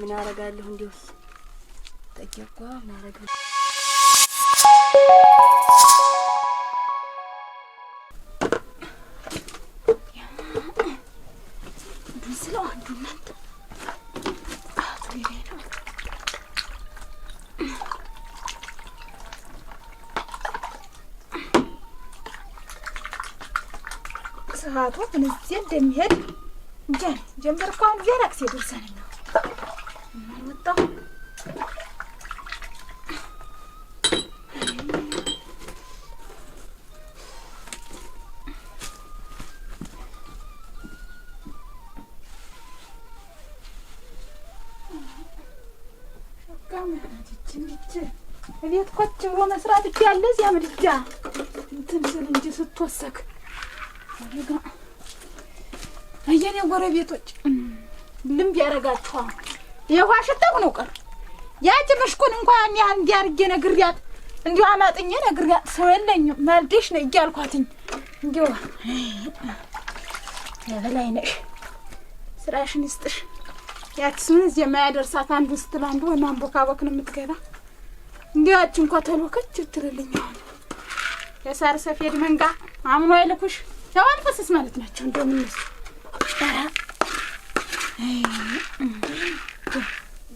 ምን አረጋለሁ? እንዲሁስ ጠየቋ ማረግ ስለው አንዱ እናንተ አቶ ነው እንደሚሄድ እንጃ ጀምበር እኮ አሁን ዜና ጊዜ 맛있겠다. ቤት ብሎ መስራት እኮ ያለ እዚያ ምድጃ እንትን ስል እንጂ ስትወሰክ አየኔ ጎረቤቶች ልምድ ያደርጋችኋል። የውሃ ሽታው ነው ቀር ያቺ ምሽኩን እንኳን ያህል እንዲያርጌ ነግሪያት፣ እንዲሁ አማጥኜ ነግሪያት። ሰው የለኝም ማልዴሽ ነው እያልኳትኝ እንዲሁ የበላይ ነሽ ስራሽን ይስጥሽ። ያቺስን እዚህ የማያደርሳት አንዱን ስትል አንዱ ማንቦካቦክ ነው የምትገባ። እንዲሁ ያቺ እንኳ ተሎከች ትልልኝ አሁን የሳር ሰፌድ መንጋ አምኖ አይልኩሽ ያው አንፈስስ ማለት ናቸው እንደምን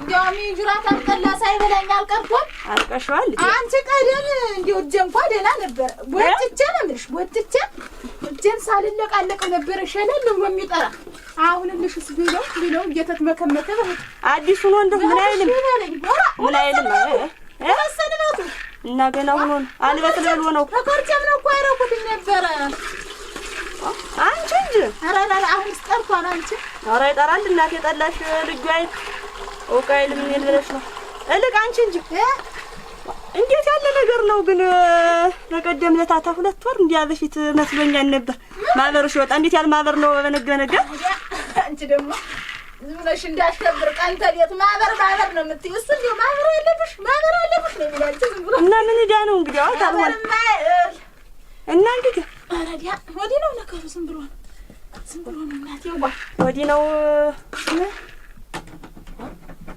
እንዲያውም ጅራት አልቀላ ሳይበላኝ አልቀርኩም። አልቀሽዋል አንቺ ቀደም እንዲሁ እጄ እንኳ ደህና ነበር። ወጥቼ ነው የምልሽ፣ ወጥቼ እጄን ሳልለቃለቅ ነበረ ሸለል ብሎ የሚጠራ አሁን ልሽስ ቢለው ቢለው እየተት መከመከ አዲሱ ነው እንደው ምን አይልም ምን አይልም ረሰንበቱ እና ገና ሆኖ አልበት ለሎ ነው ተቆርጨም ነው እኮ አይረኩትም ነበረ አንቺ እንጂ አረ አረ አሁን ስጠርቷን አንቺ አረ ይጠራል እናቴ ጠላሽ ልጇ አይደል እውቃ ምን ብለሽ ነው? እልቅ አንቺ እንጂ እንዴት ያለ ነገር ነው ግን? በቀደም ለታ ሁለት ወር እንዲያ በፊት መስሎኛል ነበር ማህበሩ ሲወጣ እንዴት ያለ ማህበር ነው በነገ ነገ። አንቺ ደግሞ ዝም ብለሽ እንዳሸብር ቀን ተሌት ማህበር ማህበር ነው የምትይው። እሱ እንዲያው ማህበር አለብሽ ማህበር አለብሽ ነው የሚላል ዝም ብሎ እና ምን ዕዳ ነው እንግዲህ አሁን ታልሆነ እና እንግዲህ አረዲያ ወዲህ ነው ነገሩ። ዝም ብሎ ነው ዝም ብሎ ነው እናቴ ወዲህ ነው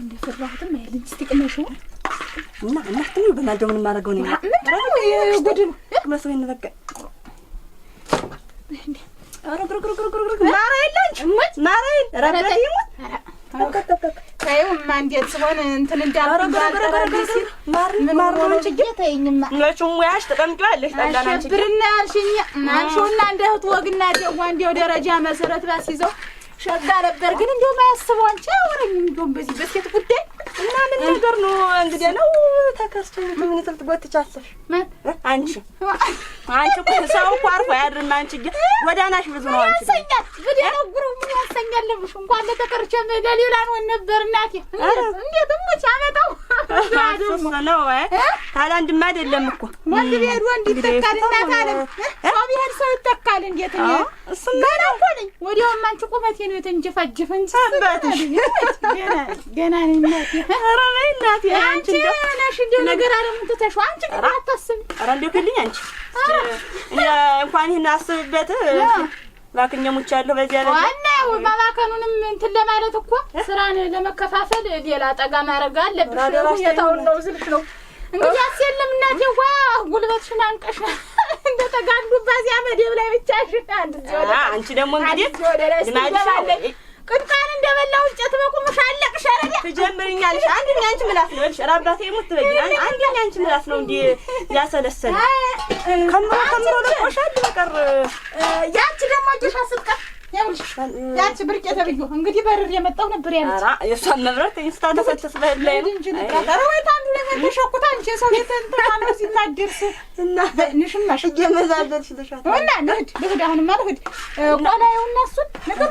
እንደፈራሁትም አይልኝ። እስቲ ቅመሹ እና እናትም በማን ደው ምን ማረገው ነው? ምንድነው የጎድሉ ቅመሱ ይሄን በቃ ኧረ ግር ግር ግር ግር ግር ማራ ይላንች ሸጋ ነበር ግን እንደውም ማያስበው አንቺ አወረኝ። እንደውም በዚህ በሴት ጉዳይ እና ምን ነገር ነው እንግዲህ ነው ተከስቶ ምን ስልት ምን አንቺ አንቺ እኮ ሰው እኮ አርፎ አያድርም። አንቺ ወዳናሽ ብዙ ነው። አንቺ ያሰኛል እንግዲህ ነው ጉሩ ምን ያሰኛል? እንኳን ለተቀርቸም ለሌላ ነው ነበር እናቴ እንዴት እንዴት ምን አመጣው ነው ታዲያ አንድማ አይደለም እኮ ወንድ ብሄድ ወንድ ይተካል። እናት አለም ሰው ብሄድ ሰው ይተካል። እንዴት ነው ገና እኮ ነኝ። ወዲያውም አንቺ ቁመቴ ነው የተንጀፋጀፈ እንጂ ገና ነኝ እናቴ። ኧረ በይ እናቴ አንቺ ነሽ እንደው ነገር አለም ትተሽው አንቺ ግን አታስቢ። ኧረ እንደው ክልኝ አንቺ እንኳን ይህን አስብበት ባክኜ ሙቻለሁ። በዚያ ላይ ዋናው ማባከኑንም እንትን ለማለት እኮ ስራን ለመከፋፈል ሌላ ጠጋ ማድረግ አለብሽ። ሁኔታውን ነው ስልክ ነው እንግዲህ አስየለም እናቴ፣ ዋ ጉልበትሽን አንቀሽ እንደ ተጋድጉባት ያመደብ ላይ ብቻሽን አንድ አንቺ ደግሞ እንግዲህ ቅንጣን እንደበላው እንጨት በቁም ሻለቅ አረጋ ትጀምርኛለሽ። አንደኛ አንቺ ምላስ ነው እልሽ። ኧረ አባቴ ሙት ትበይኝ። አንደኛ አንቺ ምላስ ነው እንዲህ ያሰለሰለ ከምሮ ከምሮ ለቆሻል በቀር ያቺ ደግሞ ጀሻ አስጥቀፍ ያውልሽ ያቺ ብርቅ የተብዩ እንግዲህ በርር የመጣው ነበር ያለች። ኧረ የእሷን ኢንስታ ስታተፈትስ በላይ ነው እንጂ ንብራት። ኧረ ወይ ታንድ ነገር ተሸኩታ እንጂ ሰው የተንተማለ ሲታደርስ እና ንሽማሽ እየመዛለልሽ ልሻት እና ንሂድ ልሂድ፣ አሁንማ ልሂድ። ቆላዩና እሱን ነገሩ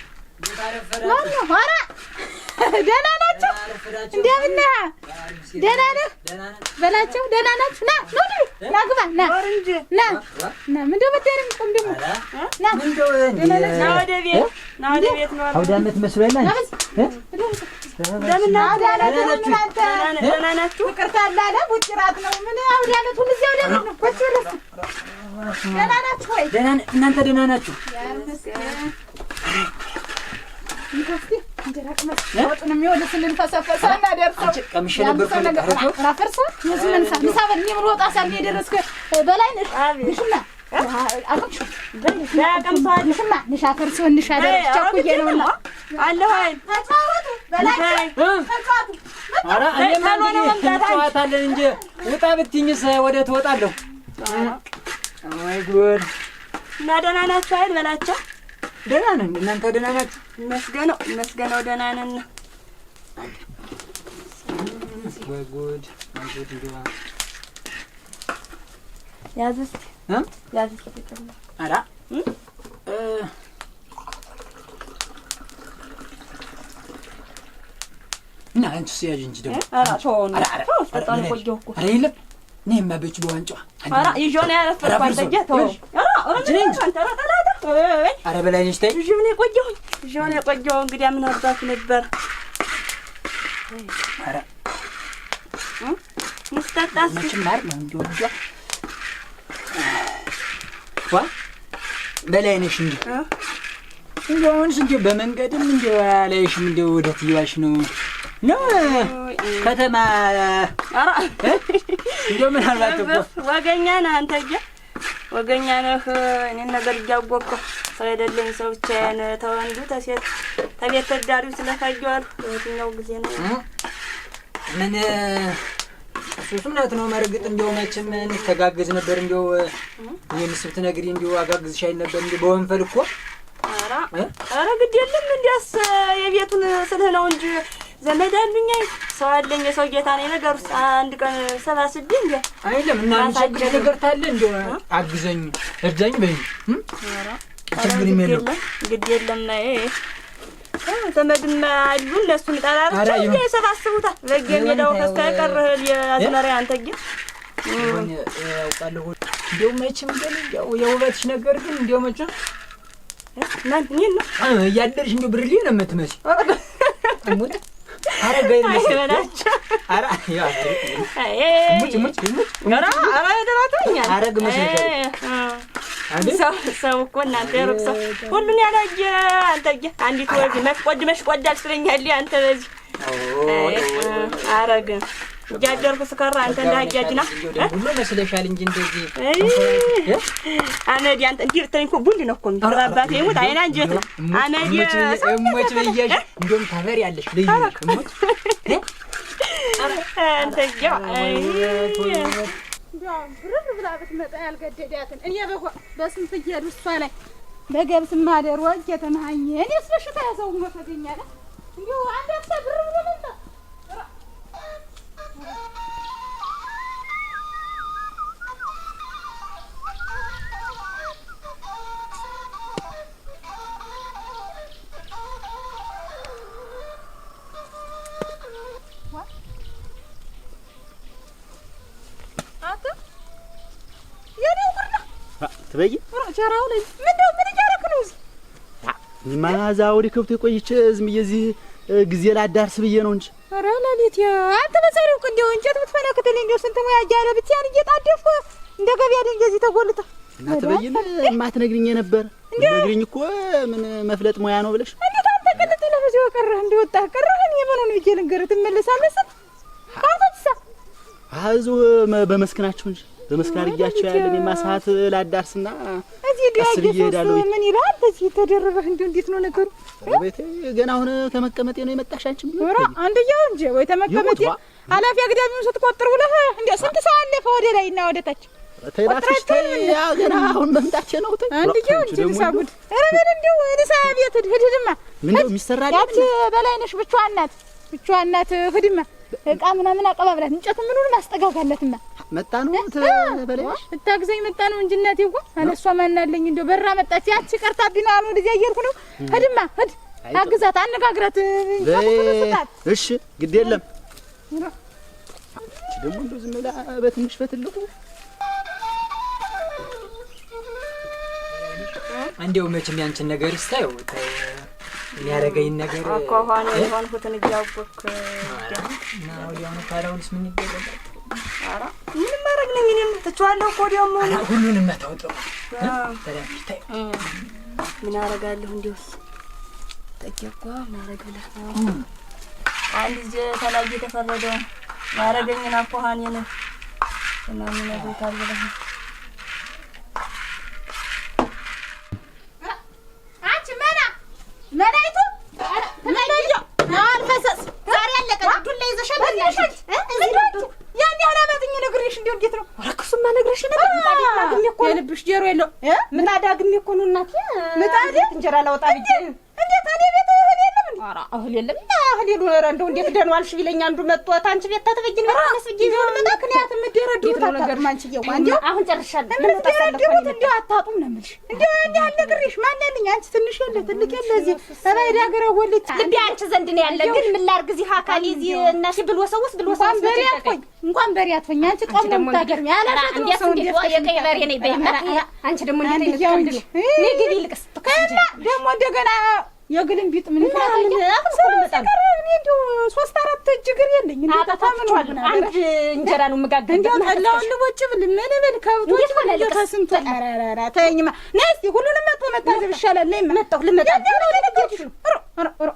ማነው? ኧረ ደህና ናቸው። እንደምን ነህ? ደህና ነህ በላቸው። ደህና ናችሁ? ና ና ግባ ና ና ና ምንድን መደረግ ቆም ደግሞ ና ና ወደ ቤት ና ወደ ቤት ነው አውደ ዓመት መስሎኝ እናንተ ደህና ናችሁ? እንጨዋታለን እንጂ ውጣ ወደ ትወጣለሁ። ጉድ! እና ደህና ናቸው አይደል? በላቸው። ደህና ነን። እናንተ ደህና ናችሁ? መስገነው መስገነው ደህና ነን። ወጉድ ወጉድ እንዲዋ ያዝ እስኪ ያዝ እስኪ ኧረ እና አንቺስ ያዥ እንጂ ደግሞ ኧረ ተው ኧረ በላይ ነሽ ተይ ልጅውን የቆየው እንግዲህ ምን አባቱ ነበር ምስጠጣስ እንጂ እንደው አሁንስ በመንገድም እንደው አላየሽም እንደው ወደ ትይዋሽ ነው ነው ከተማ ምን ምናልባት ወገኛ ነህ አንተ ወገኛ ነህ እኔን ነገር እያወቅህ ሰው የሌለኝ ሰው ብቻዬን ተወንዱ ተሴት ተቤት ተዳሪው ስለፈጀዋል የትኛው ጊዜ ነው ምን እሱስ እውነት ነው። መርግጥ እንዲያው መቼም እንተጋገዝ ነበር። እንዲያው ይህን ስብት ነግሪ እንዲሁ አጋግዝሽ አይል ነበር እንዲ በወንፈል እኮ ኧረ ግድ የለም እንዲያስ የቤቱን ስልህ ነው እንጂ ዘመድ አሉኝ ሰው አለኝ የሰው ጌታ ነኝ። ነገር ውስጥ አንድ ቀን ሰባስቤ እንዲ አይለም እና ችግር ነገር ታለ እንዲ አግዘኝ እርዳኝ በይ ችግር የለም ግድ የለም ና ተመድማ አሉ እነሱ ምጣላርቻ የሰባስቡታል በጌ ሜዳው ከስታቀር አዝመራ አንተ ጌ ያውቃለሁ እንዲያው መቼም ግን የውበትሽ ነገር ግን እንዲያው መቼም ነው እያደርሽ እንዲያው ብርሌ ነው የምትመስይው። ኧረ ገይ በላቸው ኧረ ሰው እኮ እናንተ የሩቅ ሰው ሁሉን ያላየ አንተ አንዲት ወግ መሽቆድ መሽቆድ አልስለኛል። አንተ በዚህ አረግ እያደርኩ ስከራ አንተ እንዳጃጅ ና ሁሉ መስለሻል እንጂ እንደዚህ አመድ አንተ እንዲህ ብትለኝ እኮ ቡል ነው እኮ የሚለው አባቴ ይሙት አይና እንጀት ነው አመድ እሞች ብያሽ እንደውም ታበር ያለሽ ልዩ እሞች አንተ ያ እንዲያው ብርር ብላ ብትመጣ ያልገደዳትን እኔ በስንት እየሄዱ እሷ ላይ በገብስ ማደሮ እየተመሀኘ እኔስ በሽታ ያዘው ሞ ተገኛለ እንዲሁ አንድ ብርር ብሎ በይ ቸራው ላይ ምን ነው ምን እያደረክ ነው? እዚህ ማዛ ወደ ከብቶ ቆይቼ ዝም ብዬ እዚህ ጊዜ ላዳርስ ብዬ ነው እንጂ። ኧረ ለሊት አንተ በዛሬው ቀን እንደው እንጨት ብትፈነክትልኝ እንደው ስንት ሙያ እያለ ብቻን እየጣደፍኩ እንደ ገበያ ድንጋይ እዚህ ተጎልታ እናት በይን ማትነግሪኝ የነበረ ነግሪኝ እኮ ምን መፍለጥ ሙያ ነው ብለሽ እንዴት አንተ ቅልጥ ነው በዚህ ቀረህ እንደወጣ ቀረህን እኔ ምን ሆነ ብዬ ልንገርህ ትመለሳለህ ስል ካርቶትሳ አዙ በመስክናቸው እንጂ በመስካር እያቸው ያለን የማሳሀት ላዳርስና እዚህ ዳጊ ምን ይላል? በዚህ የተደረበህ እንዲሁ እንዴት ነው ነገሩ? ቤቴ ገና አሁን ከመቀመጤ ነው የመጣሽ አንቺ? ቢሆራ አንድያው እንጂ ወይ ተመቀመጤ አላፊ አግዳሚውን ስትቆጥር ብለህ እንዲ ስንት ሰው አለፈ ወደ ላይ እና ወደ ታች ተይራሽ ገና አሁን መምጣቼ ነው። እንጂ ምን በላይነሽ እቃ ምናምን አቀባብላት እንጨቱ ምኑን ማስጠጋጋለትማ መጣ ነው ተበለሽ እታግዘኝ መጣ ነው እንጂ እናቴ እኮ አነሷ ማናለኝ እንደው በራ መጣች ያቺ ቀርታብኝ ነው አሁን እዚያ እየሄድኩ ነው። ሂድማ ሂድ አግዛት፣ አነጋግራት። እሺ ግድ የለም ደግሞ እንደው ዝም ብላ በትንሽ በትልቁ እንዲያው መቼም ያንቺን ነገር ስታየው የሚያደርገኝ ነገር አኳኋን ሆነ የሆንኩትን እያወቅክ ወዲያውኑ ካላሁንስ ምን ይደረጋል? ኧረ ማድረግ ነው የእኔ የምትችዋለሁ እኮ ወዲያውም ሆነ ሁሉንም መታወጠው ምን አደርጋለሁ እንዲያውስ ጠጌ ማድረግ ብለህ ነው አንድ ጊዜ ተላይ የተፈረደውን ማድረገኝን አኳኋኔ ነው ማሚነግታል ብለህ ነው ልብሽ ጀሮ የለው ምጣዳግም እኮ ነው እናቴ እንጀራ ላወጣ ብዬ እንዴት እኔ ቤት እህል የለም እንዴ? እህል የለም ባህል ይሉራ እንደው እንዴት ደህና ዋልሽ ቢለኝ አንዱ መጥቶ ታንቺ ቤት ታተበጅን ወራስ ብጂ ነው ምክንያት የምትደረድሩ ነገር ማንቺ ይው አንዴ አሁን ጨርሻለሁ። የምትደረድሩት እንደው አታጡም ነው የምልሽ። እንደው እንዴ አልነግርሽ ማን ያለኝ አንቺ ትንሽ ያለ ትልቅ ያለ እዚህ ሰባይ ዳገረ ወልት ልቤ አንቺ ዘንድ ነው ያለ። ግን ምን ላርግ እዚህ አካል እዚህ እናሽ ሽ ብሎ ሰውስ ብሎ ሰውስ እንኳን በሬ አትሆኝ እንኳን በሬ አትሆኝ አንቺ ቆም ነው ታገር ያላሽ እንዴት እንዴት የቀይ በሬ ነኝ በይማ አንቺ ደግሞ እንዴት ልትከንድሽ ንግድ ልቅስ ከማ ደግሞ እንደገና የግልም ቢጥ ምን ሶስት አራት እጅ እግር የለኝ። አንድ እንጀራ ነው የምጋግር። እንደው ጠላውን ልቦጭ ብል ምን ብል ከብቶች ሁሉንም መጥቶ መታዘብ ይሻላል። መጣሁ ልመጣ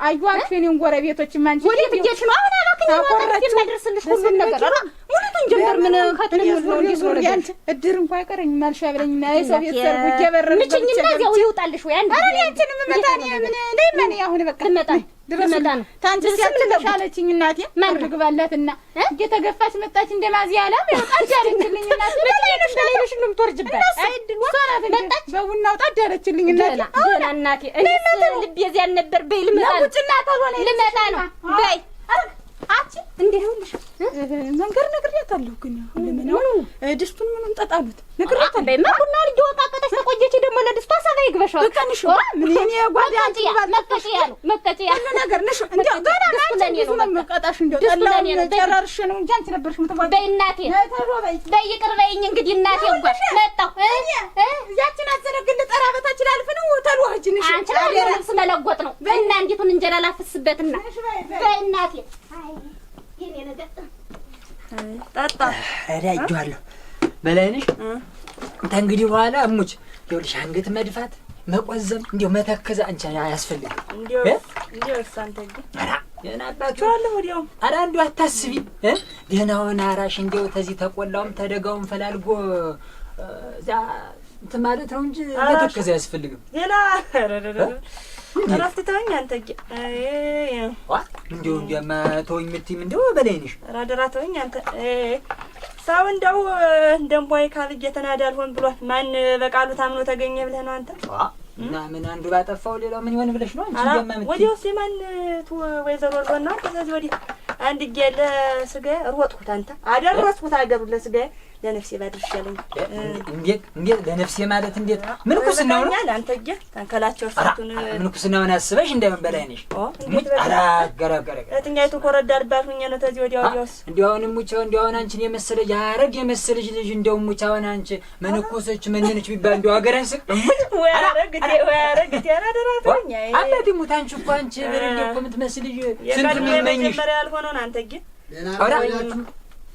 አዩዋችሁ የኔን ጎረቤቶች ማን ወዴት ብዬሽ ነው አሁን አላውቅም። ማለት የማይደርስልሽ ሁሉ ነገር አረ ሙሉቱን ጀምር ምን ከትልም ነው እንዴ ነው ነገር እድር እንኳን አይቀረኝ ማልሻ ብለኝ ናይ ሰው ይሰርጉ ይበረን ምችኝና ያው ይውጣልሽ ወይ አንድ አረ አንቺንም መታኔ ምን ለምን አሁን በቃ ልመጣ ድረስታንችስምሻለችኝ እናቴ ማን ግባላትና እየተገፋች መጣች። እንደ ማዝያ ላም ጣድ አለችልኝ እናቴ። ሌሎች እንደምትወርጅበት መጣች። በቡናው ጣድ አለችልኝ እናቴ። እናቴ ልቤ እዚያ ነበር። በይ ልመጣ ነው። ልመጣ ነው። በይ አንቺ እንዴ ይኸውልሽ መንገድ ነግሬያታለሁ። ግን ለምን አሁን ድስቱን ምን ጠጣሉት ነግሬያታለሁ። በይማ ቡና ልጅ ወቃቀጠሽ ተቆየች። ደግሞ ለድስቷ ሰባ ይግበሻል። እቀንሽ ምን እኔ ጓዳ አንቺ ባል መቀጭ ያሉ መቀጭ ያሉ ነገር ነሽ እንዴ ገና ናንቺ ብዙ ነው መቀጣሽ እንዴ ጠላውን ጨራርሽ ነው እንጂ አንቺ ነበርሽ ምትባል። በይ እናቴ በይ ይቅር በይኝ እንግዲህ እናቴ እንኳ መጣሁ ያችን አዘነግል ጠራ በታችን አልፍ ነው ተልዋጅንሽ አንቺ ልብስ መለወጥ ነው እና እንዴቱን እንጀራ ላፍስበትና በይ እናቴ እዳጇለሁ በላይነሽ። ከእንግዲህ በኋላ እሙች ይኸውልሽ አንገት መድፋት መቆዘም እንዲሁ መተከዝ አንቺ አያስፈልግም። ኧረ እንዲሁ አታስቢ። ደህና አራሽ እንዲያው ተዚህ ተቆላውም ተደጋውም ፈላልጎ እዛ እንትን ማለት ነው እንጂ መተከዝ አያስፈልግም። እረፍት ተወኝ አንተ። እንዲሁ እንዲያማ ተወኝ የምትይም እንደው በላይ ነሽ። ኧረ ተወኝ አንተ። ሰው እንደው እንደ እምቧይ ካልጅ የተናዳል ሆን ብሏል። ማን በቃሉ ታምኖ ተገኘ ብለህ ነው አንተ? እና ምን አንዱ ባጠፋው ሌላው ምን ይሆን ብለሽ ነው እንጂ ሲማን ቱ ወይዘሮ ሮና ከዚህ ወዲህ አንድ ጌለ ስጋ ሮጥኩት አንተ አደረስኩት አገብለ ለስጋ ለነፍሴ ባድርሻለኝ። እንዴት እንዴት ለነፍሴ ማለት እንዴት ምንኩስና ነው? አንተ እጄ ተንከላቸው እርሳቱን ምንኩስናውን አስበሽ እንደምን በላይ ነሽ። እህትኛይቱ ኮረዳ ልባት ሁኜ ነው ተዚህ ወዲያ ወዲያውስ እንዲያው አሁን ሙቻ እንዲያው አሁን አንቺን የመሰለ ያረግ የመሰለሽ ልጅ እንዲያው ሙቻ አሁን አንቺ መነኮሰች መነነች ቢባል እንዲያው ሀገር አንስቅ ወይ አረግ ቴ ወይ አረግ ቴ አራደራት ሁኜ አባቴ ሙት አንቺ እኮ አንቺ ብር እንዲያው እኮ የምትመስልሽ ስንት የሚመኝሽ መጀመሪያ ያልሆነውን አንተ እጄ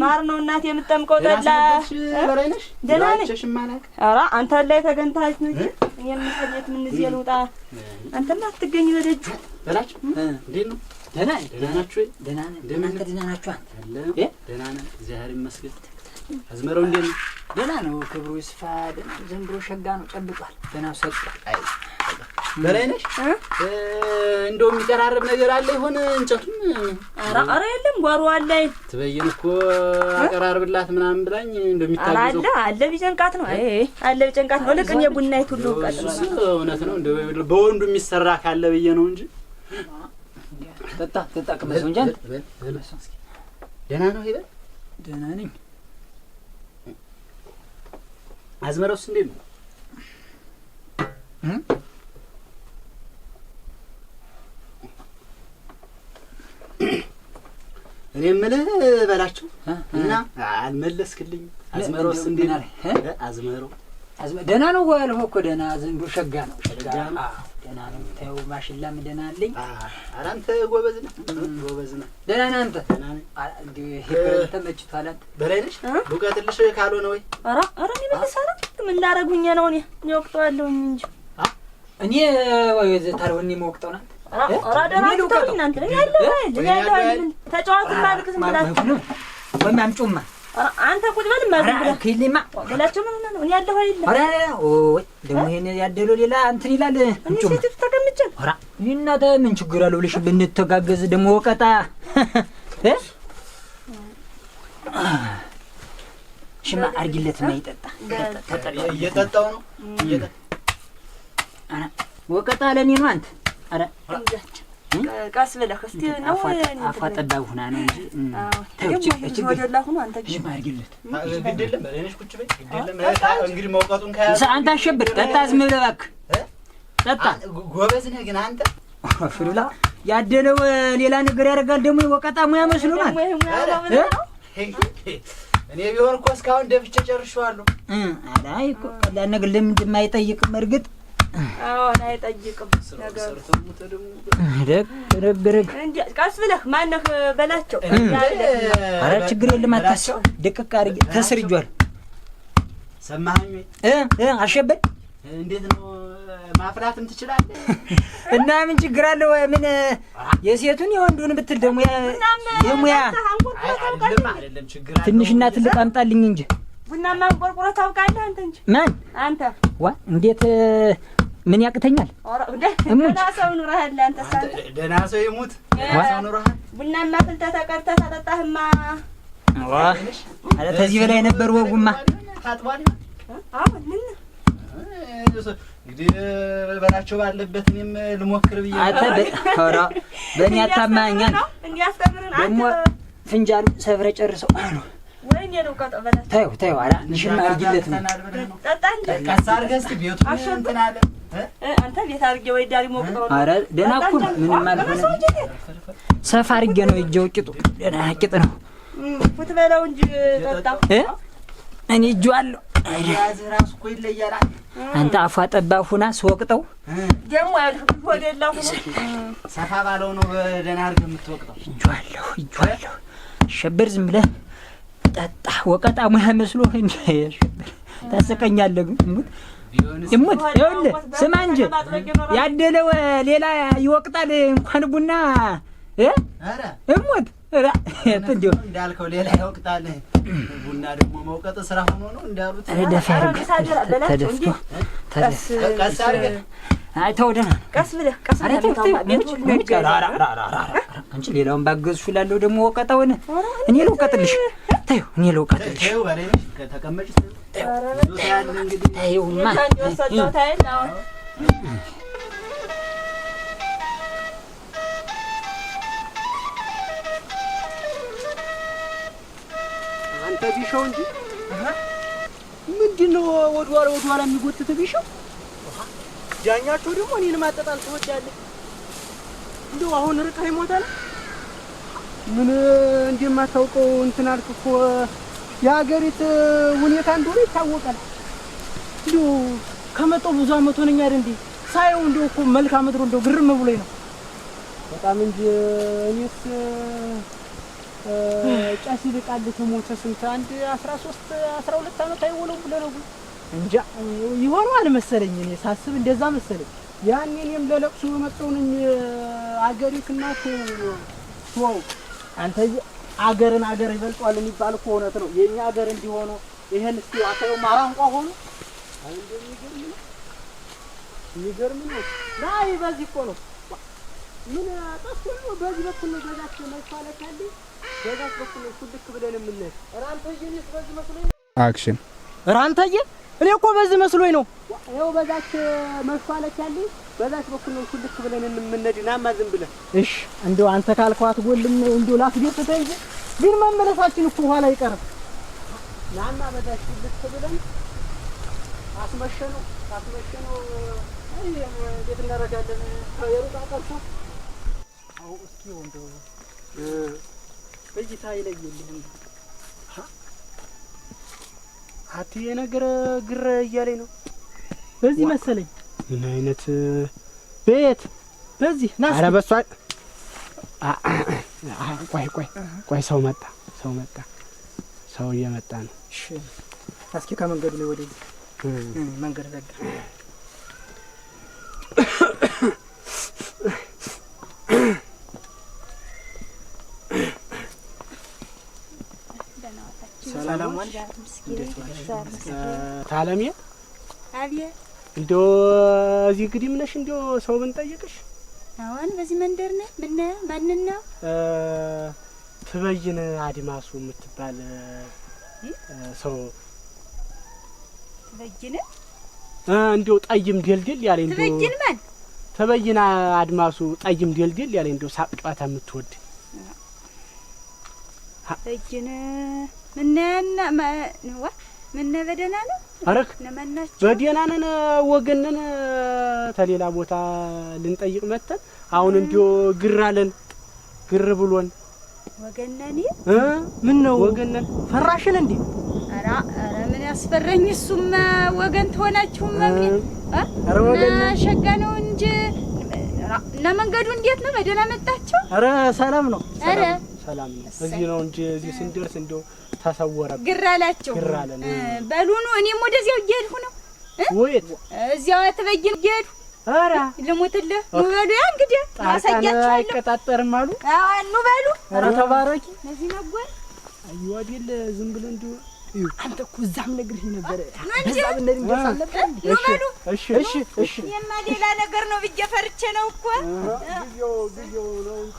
ማር ነው እናት የምጠምቀው ጠላ። ደህና ነሽ? ኧረ አንተ ላይ ተገንታች ነው እንጂ እኔም ከቤት ምን እዚህ ልውጣ? አንተማ አትገኝ በደጁ በላቸው። እንዴት ነው? ደህና ደህና ናችሁ? ደህና ነን። እናንተ ደህና ናችሁ? አንተ ደህና ነን፣ እግዚአብሔር ይመስገን። አዝመረው እንዴት ነው? ደህና ነው። ክብሩ ይስፋ። ደህና ዝም ሸጋ ነው። ጨብጧል። ገና ሰጧል። አይ በላይ ነሽ። እንደው የሚቀራረብ ነገር አለ ይሆን? እንጨቱም ኧረ ኧረ የለም ጓሮ አለ። ትበይን እኮ አቀራርብላት ምናምን ብላኝ እንደሚታዘው አለ አለ። ቢጨንቃት ነው። አይ አለ ቢጨንቃት ነው። ልክ እኔ ቡና ይቱሉ ቃጥ ነው። እውነት ነው። እንደው በወንዱ የሚሰራ ካለ ብዬ ነው እንጂ ጠጣ ተጣቀመሰው እንጂ ደህና ነው። ይበል ደህና ነኝ አዝመራውስ እንዴት ነው? እኔ የምልህ በላቸው እና አልመለስክልኝ። አዝመራውስ እንዴት ነው? አዝመራው ደህና ነው ያልኸው እኮ ደህና ዝም ብሎ ሸጋ ነው ሸጋ ደህና ነው። ተው ማሽላም ደህና አለኝ። ኧረ አንተ ጎበዝ ነህ ጎበዝ ነህ። ደህና ነህ አንተ? ደህና አንተ? በላይነሽ ካልሆነ ወይ ኧረ ኧረ እኔ በተሳራ ምን ነው? እኔ እኔ እንጂ እኔ ወይ ታዲያ እኔ መወቅጠው ናት ኧረ ተጫዋት ማልክስ ማለት ወይ ወይም አንተ ቁጭ በል ምን ነው? እኔ አይደለም። ደግሞ ይሄን ያደለው ሌላ እንትን ይላል። እኔ ሴት ተቀምጬ ኧረ ምን ችግር አለው ብለሽ ብንተጋገዝ ደግሞ ወቀጣ ሽማ አድርጊለት እና ይጠጣ እየጠጣው ነው ወቀጣ ለእኔ ነው አንተ ቀስ ብለህ እስቲ ነው አፏ ጠባብ ሁና ነው እንጂ አንተ አሸብር ጠጣ፣ ዝም ብለህ እባክህ ጠጣ። ጎበዝ ነህ ግን አንተ ፍሉላ ያደለው ሌላ ነገር ያደርጋል። ደግሞ ወቀጣ ሙያ መስሎናል። እኔ ቢሆን እኮ እስካሁን ደፍቼ ጨርሼዋለሁ። አይ እኮ ቀላል ነገር ለምን እንደማይጠይቅም እርግጥ አሁን ቀስ ብለህ ማነህ በላቸው። ኧረ ችግር የለም አታስብ። ደቅቅ አድርጌ ተስርጇል። ሰማኸኝ ወይ አሸበል? እንዴት ነው ማፍላትም ትችላለህ። እና ምን ችግር አለው? ምን የሴቱን የወንዱን ብትል ደግሞ የሙያ ትንሽና ትልቅ አምጣልኝ እንጂ ቡናማ አንቆርቁረህ ታውቃለህ አንተ እንጂ ማን አንተ ዋ እንዴት ምን ያቅተኛል? ደህና ሰው ኑረሃል። አንተ ደህና ሰው ይሙት ሰው ኑረሃል። ቡናማ ፍልተህ ተቀድተህ ተጠጣህማ። ኧረ በላይ ነበር ወጉማ። ታጥቧል። እንግዲህ በላቸው ባለበት እኔም ልሞክር ብዬ በእኔ አታማኛል ደግሞ ፍንጃሉ ሰብረ ጨርሰው ተይው ተይው፣ ኧረ አድርጊለት ነው። ኧረ ደህና እኮ ነው፣ ምንም አልሆነም። ሰፋ አድርጌ ነው እጀው ቂጡ ደህና ቂጥ ነው። እኔ እጁ አለው አንተ አፏ ጠባ ሁና ስወቅጠው ሰፋ ባለው ነው። አድርገህ የምትወቅጠው እጁ አለሁ እጁ አለሁ። ሸበር ዝም ብለህ ጠጣ ወቀጣ ሙያ መስሎህ ታስቀኛለህ። ሙት እሙት ስማ እንጂ ያደለው ሌላ ይወቅጣል እንኳን ቡና እ እንዳልከው ሌላ ይወቅጣል ቡና ደግሞ መውቀጥ ስራ ሆኖ ነው እንዳሉት አይ ተው፣ ደህና ነው። ቀስ ብለህ ቀስ አንቺ ሌላውን ባገዝሽ እላለሁ። ደግሞ ወቀጣውን እኔ ልውቀጥልሽ። ተይው፣ እኔ ልውቀጥልሽ። ተይውማ አንተ ቢሻው እንጂ ምንድን ነው ወደኋላ ወደኋላ የሚጎትት ቢሻው ዳኛቸው ደግሞ እኔን ማጠጣል ትወዳለህ። እንደው አሁን ርቀህ ይሞታል። ምን እንደማታውቀው እንትን አልክ እኮ የሀገሪት ሁኔታ እንደሆነ ይታወቃል። እንዲሁ ከመጣሁ ብዙ አመት ሆነኝ አይደል? እንዴ ሳየው እንደው እኮ መልክዓ ምድሩ እንደው ግርም ብሎኝ ነው በጣም እንጂ እኔስ ጫስ ይልቃል ተሞተ ስንት አንድ አስራ ሶስት አስራ ሁለት አመት አይወለውም ብለህ ነው እንጃ ይሆነዋል መሰለኝ። እኔ ሳስብ እንደዛ መሰለኝ። ያን እኔም ለለቅሶ የመጣሁኝ አገሪቱ እናት ተወው አንተ አገርን አገር ይበልጧል የሚባል እኮ እውነት ነው። የእኛ አገር እንዲሆኑ ይሄን እስቲ አታየው ማራንቋ ሆኑ የሚገርም ነው። ናይ በዚህ እኮ ነው ምን ጠፍቶ ነው? በዚህ በኩል ነው በዛች መፋለክ አለ በዛች በኩል ነው ኩልክ ብለን ራንተ ራንተዬ በዚህ መስሎኝ አክሽን ራንተዬ እኔ እኮ በዚህ መስሎኝ ነው። ይኸው በዛች መሽኳለች ያለኝ በዛች በኩል ነው ኩልክ ብለን እንምነድና ማ ዝም ብለን እሺ፣ እንደው አንተ ካልኳት ጎልም እንደው ላፍ ቤት ተይዘ ግን መመለሳችን እኮ ኋላ አይቀርም። ናማ በዛች ልክ ብለን አስመሸነው አስመሸነው እንዴት እናደርጋለን? የሩጣ ቀርሶ አው እስኪ ወንዶ እይታ ይለየልህ አትዬ የነገረ ግር እያለኝ ነው። በዚህ መሰለኝ። ምን አይነት ቤት በዚህ ናስ። አረ በሷ ቆይ ቆይ ቆይ፣ ሰው መጣ፣ ሰው መጣ፣ ሰው እየመጣ ነው። እሺ እስኪ ከመንገዱ ላይ ወደዚህ መንገድ ዘጋ። ሰላም ታለሜ አቤት። እዚህ ግዲም ነሽ? እንደው ሰው ብንጠይቅሽ? አሁን በዚህ መንደር ነህ? ምን ነው? ትበይን አድማሱ የምትባል ሰው ትበይን እንዲው ጠይም ደልድል ያለኝ ትበይን ማን? ትበይን አድማሱ ጠይም እንዲው ሳቅ ጨዋታ የምትወድ እጅን ምነና ማንዋ ምነ በደህና ነው አረክ ነመናች በደህና ነን። ወገንን ተሌላ ቦታ ልንጠይቅ መተን አሁን እንዲሁ ግር አለን ግር ብሎን ወገነን እ ምን ነው ወገነን ፈራሽን እንዴ? ኧረ ኧረ ምን ያስፈረኝ? እሱማ ወገን ትሆናችሁማ ምን አ ወገን ሸጋ ነው እንጂ እና እንዴት ነው? በደህና መጣችሁ? ኧረ ሰላም ነው። ኧረ ሰላም ነው። እዚህ ነው እንጂ እዚህ ስንደርስ እንደው ተሰወረ ግራ አላቸው። ግራ አለ በሉኑ። እኔም ወደዚያው እየሄድሁ ነው። ወይት እዚያው ተበይን እየሄድሁ ኧረ ልሙትልህ ኑ በሉ። ያ እንግዲህ ማሳያችሁ አይቀጣጠርም አሉ። አዎ ኑ በሉ። ኧረ ተባረኪ። እዚህ መጓል አዩ አይደል? ዝም ብለህ እንዲሁ አንተ እኮ እዛም ነግሬህ ነበረ። በዛም ሌላ ነገር ነው ብዬሽ ፈርቼ ነው እኮ ጊዜው ነው እንጂ